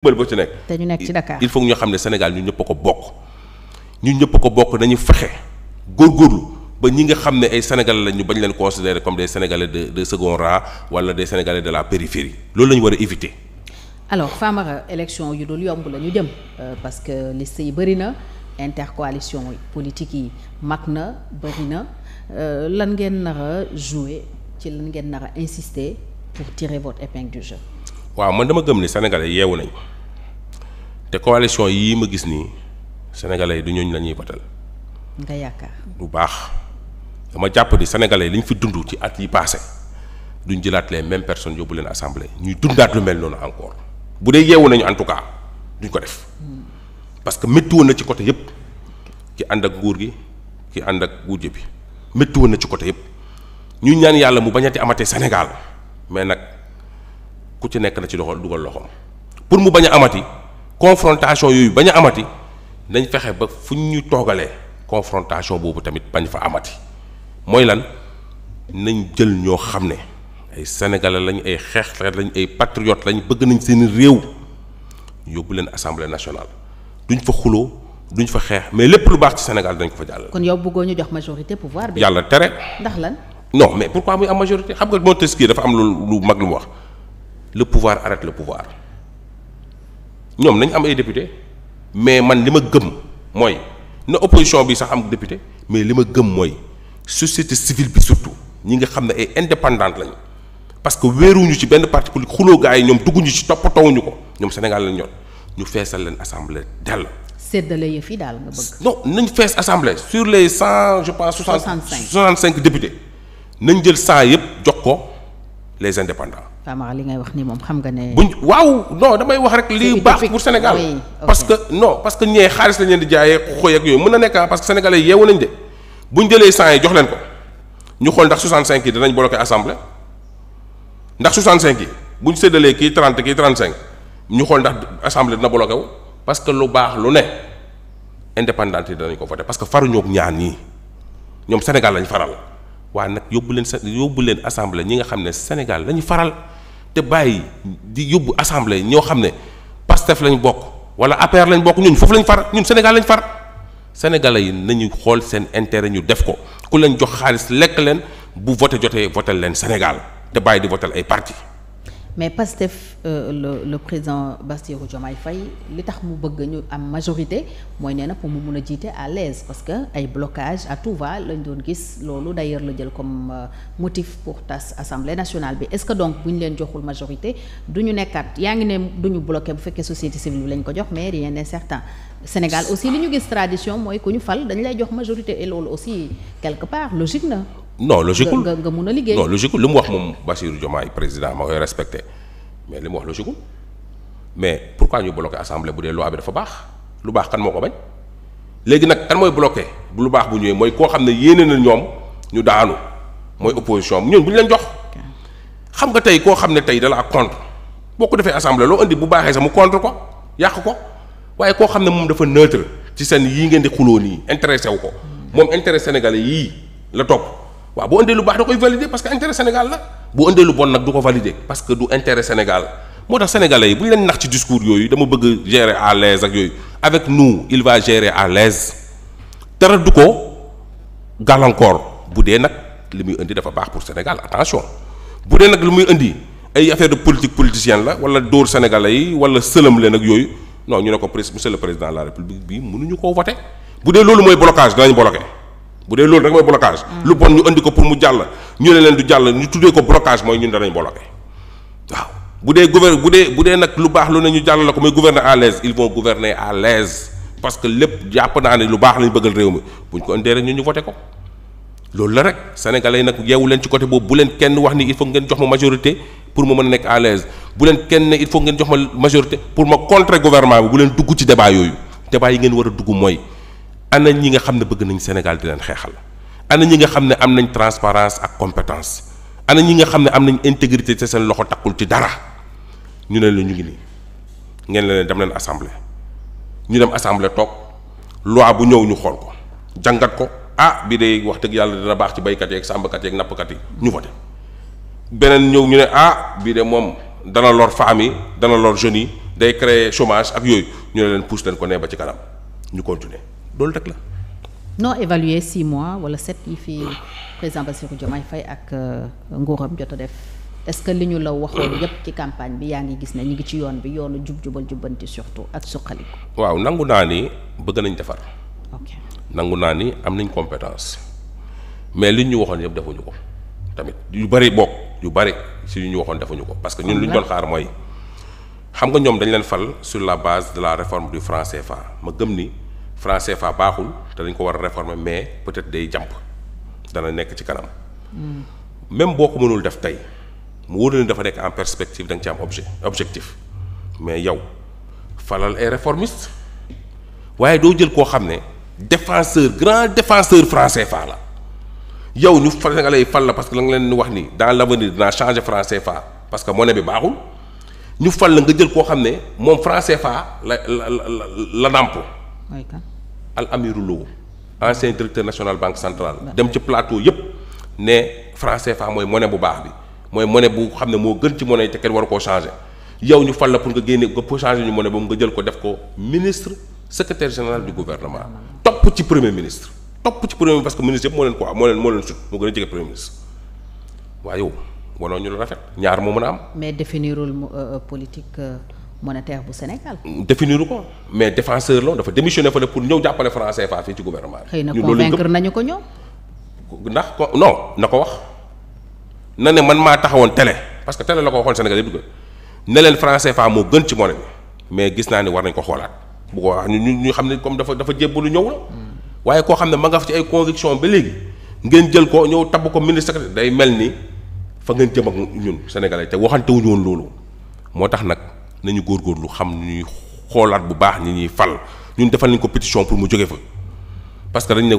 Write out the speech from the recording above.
mbal boo ci nekk. te ñu nekk ci Dakar il faut ñu xam ne Sénégal ñun ñëpp ko bokk ñun ñëpp ko bokk dañu fexe góor ba ñi nga xam ne ay sénégalais lañ ñu bañ leen considérer comme de sénégalais de de second rang wala des sénégalais de la périphérie loolu la ñu war a éviter. alors Famara élection yu dul yomb la ñu jëm euh, parce que liste yi bëri na intercoalition politique yi mag na bëri na euh, lan ngeen nar a ci lan ngeen nar a insister pour tirer votre épingle du waaw man dama gëm ni sénégalais yeewu nañ te coalition yii ma gis nii sénégalais yi du ñooñu la ñuy batal. bu baax dama jàpp ni sénégalais yi li fi dund ci at yi passé duñ jëlaat leen mêmes personnes yóbbu leen assemblée ñuy dundaat lu mel noonu encore bu dee yeewu nañu en tout cas duñ ko def hmm. parce que métti na ci côté yëpp ki ànd ak nguur gi ki ànd ak guuje bi métti na ci côté yëpp ñu ñaan yàlla mu bañati amate Sénégal mais nag. ku ci nekk na ci doxal dugal loxoom pour mu bañ a amati confrontation yooyu bañ a amati nañ fexe ba fu ñu toogalee confrontation boobu tamit bañ fa amati mooy lan nañ jël ñoo xam ne ay sénégalais lañ ay xeexkat lañ ay patriotes lañ bëgg nañ seen réew yóbbu leen assemblée nationale duñ fa xuloo duñ fa xeex mais lépp lu baax ci Sénégal dañ ko fa jàll. kon yow bëggoo ñu jox majorité pouvoir bi. yàlla tere. ndax lan. non mais pourquoi muy am majorité xam nga Montesquieu dafa am lu lu mag lu mu le pouvoir arrête le pouvoir ñoom nañ am ay député mais man li ma gëm mooy na opposition bi sax am député mais li ma gëm mooy société civile bi surtout ñi nga xam ne ay indépendante lañu parce que wéeruñu ci benn parti politique xuloo gars yi ñoom dugguñu ci toppatoowuñu ko ñoom Sénégal lañ ñor ñu feesal leen assemblée dell. séddale yëf yi daal nga bëgg. non nañ fees assemblée sur les cent je pense. soixante cinq soixante cinq députés nañ jël cent yëpp jox ko les indépendants. Famara li ngay wax ni moom xam nga ne. buñ waaw non damay wax rek lii baax pour Sénégal parce que non parce que ñee xaalis lañ leen di jaayee xooy ak yooyu mën na nekk ah, parce que sénégalais yeewu nañ de buñ jëlee cent yi jox leen ko ñu xool ndax cinq yi danañ bloqué assemblée ndax 65 yi buñ séddalee kii 30 kii 35 ñu xool ndax assemblée dina bloqué wu parce que lu baax lu ne indépendante yi danañ ko voté parce que faru ak ñaan ñii ñoom Sénégal lañ faral. waa nag yóbbu leen sa yóbbu leen assemblée ñi nga xam ne Sénégal lañu faral te bàyyi di yóbbu assemblée ñoo xam ne Pastef lañ bokk wala APR lañ bokk ñun foofu lañ far ñun Sénégal lañ far Sénégalais yi nañu xool seen intérêt ñu def ko ku lañ jox xaalis lekk leen bu voté jotee voté leen Sénégal te bàyyi di voté ay parti mais Pastef euh, le le président Bassirou Diomaye fay li tax mu bëgg ñu am majorité mooy nee na pour mu mun a jiite à l'aise parce que ay blocage à tout va lañ doon gis loolu day d'ailleurs la jël comme euh, motif pour tas assemblée nationale bi est-ce que donc bu ñu leen joxul majorité duñu ñu nekkaat yaa ngi ne du ñu bloqué bu fekkee société civile bi lañ ko jox mais rien n'est certain Sénégal aussi li ñu gis tradition mooy ku ñu fal dañ lay jox majorité et loolu aussi quelque part logique na. non logiqueul nga nga mun a liggéey non logiqueul li mu wax moom Bassirou Diomaye président ma koy respecté mais li mu wax logiqueul mais pourquoi ñu bloqué assemblée bu dee loi bi dafa baax lu baax xan moo ko bañ léegi nag kan mooy bloqué bu lu baax bu ñëwee mooy koo xam ne yéene na ñoom ñu daanu mooy opposition bi ñoom bu ñu leen jox xam nga tey koo xam ne tey dalaa contre boo ko defee assemblée loo indi bu baaxee sax mu contre ko yàq ko waaye koo xam ne moom dafa neutre ci seen yii ngeen di xuloo nii intéressé wu ko moom intérêt sénégalais yii la topp. waaw bu ëndee lu baax da koy valider parce que intérêt Sénégal la bu ëndee lu bon nag du ko valider parce que du intérêt Sénégal moo tax sénégalais yi bu ñu leen nax ci discours yooyu dama bëgg gérer à l'aise ak yooyu avec nous il va gérer à l'aise dara du ko gàllankoor bu dee nag li muy indi dafa baax pour Sénégal attention bu dee nag li muy indi ay affaire de politique politicienne la wala dóor sénégalais yi wala sëlëm leen ak yooyu non ñu ne ko monsieur le la république bi mënuñu koo voter bu dee loolu mooy blocage danañ bloquer bu dee loolu rek mooy blocage. lu bon ñu andi ko pour mu jàll ñu ne leen du jàll ñu tuddee ko blocage mooy ñun danañ bloqué waaw bu dee gouver bu dee bu dee nag lu baax lu ne ñu jàll la ko mooy gouverner à l'aise ils vont gouverner à l'aise parce que lépp jàpp naa ne lu baax lañu bëggal réew mi buñ ko indee rek ñun ñu voté ko loolu la rek sénégalais yi nag yeewu leen ci côté boobu bu leen kenn wax ni il foog ngeen jox ma majorité pour ma mën nekk à l'aise bu leen kenn ne il faut ngeen jox pour ma contrer gouvernement bi bu leen dugg ci débat yooyu débat yi ngeen war a dugg mooy ana ñi nga xam ne bëgg nañu Sénégal di leen xeexal ana ñi nga xam ne am nañ transparence ak compétence ana ñi nga xam ne am nañu intégrité te seen loxo takkul ci dara ñu ne la ñu ngi nii ngeen leen dem leen assemblée ñu dem assemblée toog loi bu ñëw ñu xool ko jàngat ko ah bii day wax dëgg yàlla dina baax ci baykat yeeg sàmbkat yeeg nappkat yi ñu voté beneen ñëw ñu ne ah bii de moom dana lor femmes yi dana lor jeunes yi day créer chômage ak yooyu ñu leen pousse leen ko ba ci kanam ñu continuer loolu rek la. non évalué six mois wala sept yi fi président Bassirou Diomaye Faye ak euh, nguuram jot a def est-ce que li ñu la waxoon yépp ci campagne bi yaa ngi gis nañ ñu ngi ci yoon bi yoonu jub jubal jubbanti surtout ak suqaliku. waaw nangu naa ni bëgg nañ defar. nangu naa ni am nañ compétence mais li ñu waxoon yëpp defuñu ko tamit yu bari bokk yu bari si ñu waxoon defuñu ko. parce que ñun li ñu doon xaar mooy. xam nga ñoom dañ leen fal sur la base de la réforme du franc CFA ma gëm ni. francais CFA baaxul te dañ ko war a réformer mais peut-être day jàmp dana nekk ci kanam. Hmm. même boo ko mënul def tey mu wóor ni dafa nekk en perspective da ci am objet objectif mais yow falal ay réformiste waaye doo jël koo xam ne défenseur grand défenseur franc fa la yow ñu fal nga lay fal la parce que la nga leen wax ni dans l'avenir dinaa changer franc CFA parce que monnaie bi baaxul ñu fal la nga jël koo xam ne moom franc CFA la la la la nàmp al amiru directeur national banque centrale. dem ci plateau yëpp ne franc CFA mooy monnaie bu baax bi mooy monnaie bu xam ne moo gën ci monnaie te kenn war koo changer yow ñu fal la pour nga génne nga changer ñu monnaie boobu nga jël ko def ko ministre secrétaire général du gouvernement. topp ci premier ministre. topp ci premier parce que ministre yëpp moo leen ko moo leen moo leen sut moo gën a jege premier ministre waaye yow wanoo a monétaire bu Sénégal. définiru ko mais défenseur la dafa démissionné fa pour ñëw jàppale franc CFA fii ci gouvernement bi. ñu xëy na convaincre nañu ko ñoom. ndax ko no na ko wax na ne man maa taxawoon télé parce que tele la ko waxoon Sénégal yëpp dugg ne leen franc CFA moo gën ci monnaie bi mais gis naa ne war nañ ko xoolaat bu ko wax ñu ñu xam ne comme dafa dafa jébbalu ñëw la. waaye koo xam ne ma nga fa ci ay conviction ba léegi ngeen jël ko ñëw tabb ko ministre day mel ni fa ngeen jëm ak ñun Sénégalais te waxante woon loolu moo tax nag. nañu góorgóorlu xam ñuy xoolaat bu baax ñi ñuy fal ñun defal nañ ko pétition pour mu jóge fa parce que dañ ne